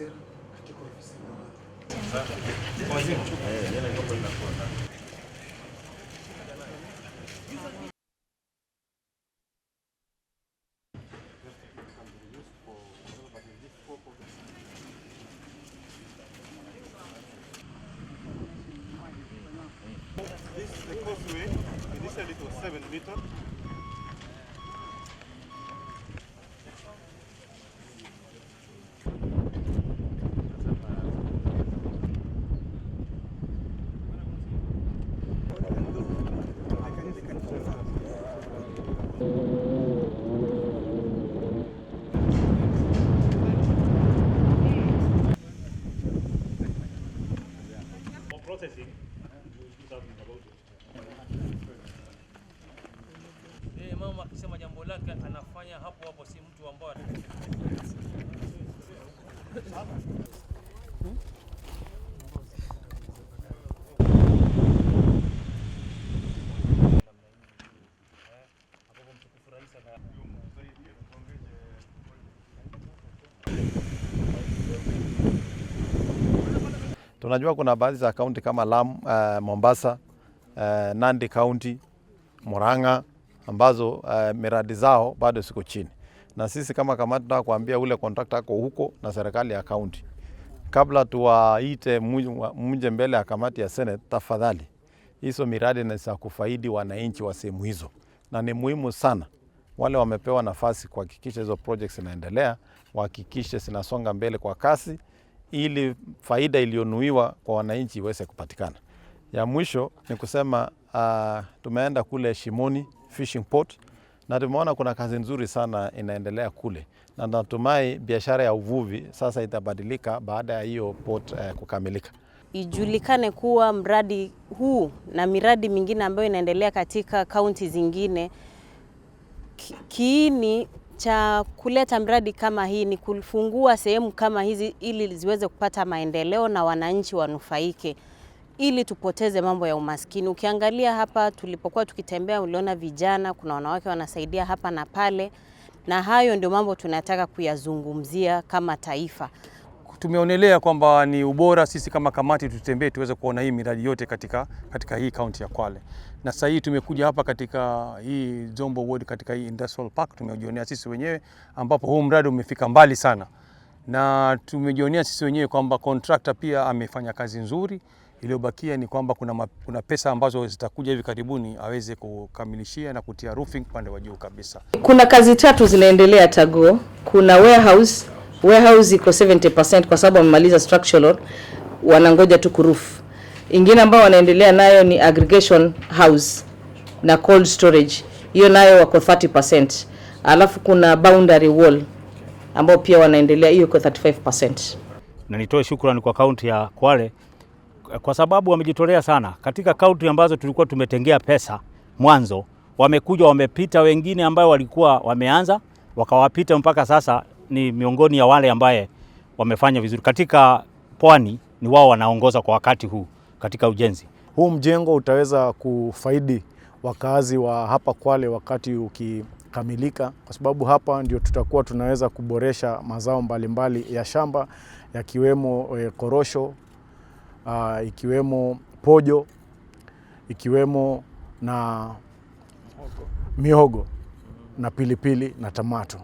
Terceiro, artigo Pode É, ele é legal pra ir na porta. This is the causeway. Initially it was 7 meters. processing, Hey, eh, mama akisema jambo lake anafanya hapo hapo, si mtu ambao Tunajua kuna baadhi za kaunti kama Lamu, uh, Mombasa, uh, Nandi County, Murang'a ambazo uh, miradi zao bado siko chini, na sisi kama kamati tunataka kuambia ule kontrakta ako huko na serikali ya kaunti, kabla tuwaite mje mbele ya kamati ya Senate, tafadhali hizo miradi ni za kufaidi wananchi wa sehemu hizo, na ni muhimu sana wale wamepewa nafasi kuhakikisha hizo projects zinaendelea, wahakikishe zinasonga mbele kwa kasi ili faida iliyonuiwa kwa wananchi iweze kupatikana. Ya mwisho ni kusema uh, tumeenda kule Shimoni Fishing Port na tumeona kuna kazi nzuri sana inaendelea kule, na natumai biashara ya uvuvi sasa itabadilika baada ya hiyo port uh, kukamilika. Ijulikane kuwa mradi huu na miradi mingine ambayo inaendelea katika kaunti zingine kiini cha kuleta mradi kama hii ni kufungua sehemu kama hizi ili ziweze kupata maendeleo na wananchi wanufaike ili tupoteze mambo ya umaskini. Ukiangalia hapa tulipokuwa tukitembea, uliona vijana, kuna wanawake wanasaidia hapa na pale, na hayo ndio mambo tunataka kuyazungumzia kama taifa tumeonelea kwamba ni ubora sisi kama kamati tutembee tuweze kuona hii miradi yote katika, katika hii kaunti ya Kwale, na sasa hii tumekuja hapa katika hii Zombo Ward katika hii Industrial Park tumejionea sisi wenyewe, ambapo huu mradi umefika mbali sana, na tumejionea sisi wenyewe kwamba contractor pia amefanya kazi nzuri. Iliyobakia ni kwamba kuna, kuna pesa ambazo zitakuja hivi karibuni aweze kukamilishia na kutia roofing pande wa juu kabisa. Kuna kazi tatu zinaendelea Tago, kuna warehouse warehouse iko 70% kwa sababu wamemaliza structural loan, wanangoja tu kurufu. Ingine ambayo wanaendelea nayo ni aggregation house na cold storage, hiyo nayo wako 30%. Alafu kuna boundary wall ambao pia wanaendelea, hiyo iko 35%. Na nitoe shukrani kwa kaunti ya Kwale kwa sababu wamejitolea sana katika kaunti ambazo tulikuwa tumetengea pesa mwanzo, wamekuja wamepita, wengine ambao walikuwa wameanza wakawapita mpaka sasa ni miongoni ya wale ambaye wamefanya vizuri katika pwani, ni wao wanaongoza kwa wakati huu katika ujenzi huu. Mjengo utaweza kufaidi wakazi wa hapa Kwale wakati ukikamilika, kwa sababu hapa ndio tutakuwa tunaweza kuboresha mazao mbalimbali mbali ya shamba yakiwemo e, korosho a, ah, ikiwemo pojo ikiwemo na mihogo na pilipili na tamato.